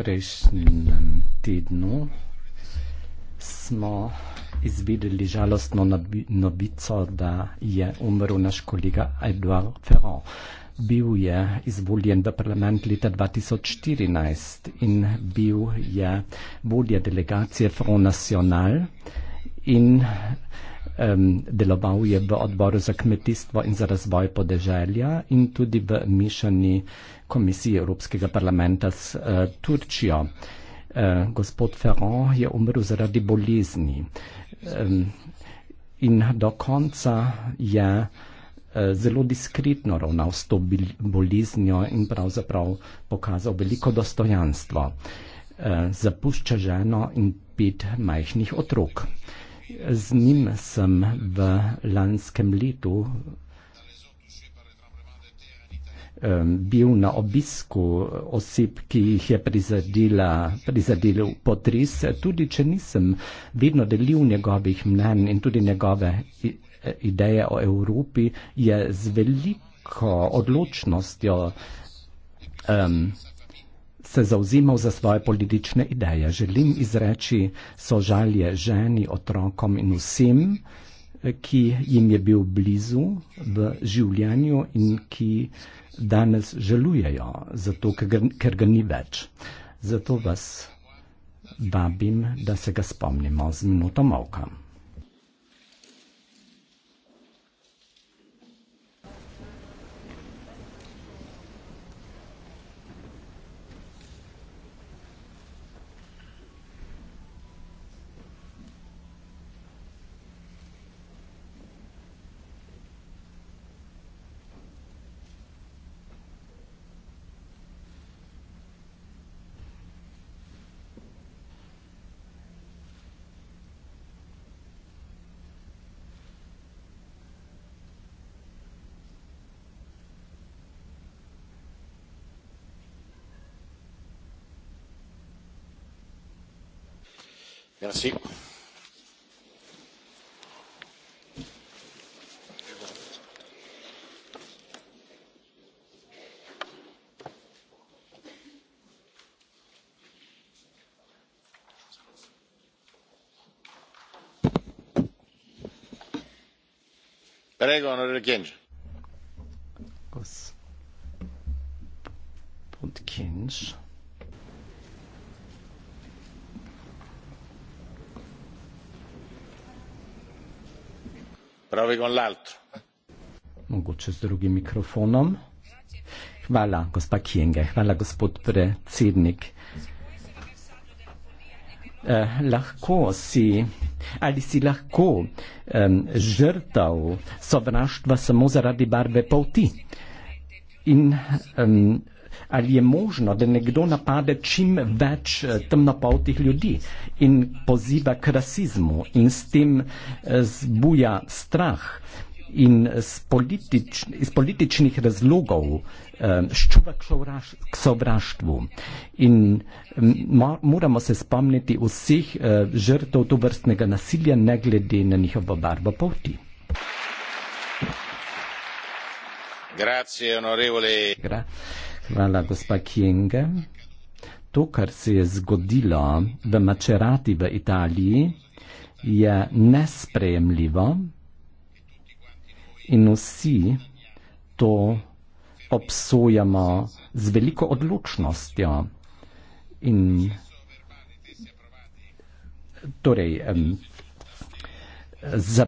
prejšnjem tednu smo izvedeli žalostno novico, da je umrl naš kolega Edouard Ferron. Bil je izvoljen v parlament leta 2014 in bil je vodja delegacije Front National in um, deloval je v odboru za kmetijstvo in za razvoj podeželja in tudi v mišljeni komisiji Evropskega parlamenta s uh, Turčijo. Uh, gospod Ferrand je umrl zaradi bolezni um, in do konca je eh, zelo diskretno ravnal s to boliznjo in pravzaprav pokazal veliko dostojanstvo. Zapušča ženo in pet majhnih otrok z njim sem v lanskem letu bil na obisku oseb, ki jih je prizadela, prizadela potres, tudi če nisem vedno delil njegovih mnen in tudi njegove ideje o Evropi, je z veliko odločnostjo um, se zauzimal za svoje politične ideje. Želim izreči sožalje ženi, otrokom in vsem, ki jim je bil blizu v življenju in ki danes želujejo, zato, ker, ga, ker ga ni več. Zato vas vabim, da se ga spomnimo z minuto molka. onorevole kyenge gospod kyenge pravi con l'altro. Mogoče z drugim mikrofonom. Hvala, gospa Kienge. Hvala, gospod predsednik. Eh, lahko si, ali si lahko eh, žrtav sovraštva samo zaradi barve polti? In eh, ali je možno, da nekdo napade čim več eh, temnopoltih ljudi in poziva k rasizmu in s tem eh, zbuja strah in iz politič, političnih razlogov eh, ščuva k sovraštvu. In moramo se spomniti vseh žrtev to vrstnega nasilja, ne glede na njihovo barvo poti. Grazie, onorevole. Gra Hvala, gospa King. To, kar se je zgodilo v Mačerati v Italiji, je nesprejemljivo in vsi to obsojamo z veliko odločnostjo. In torej, za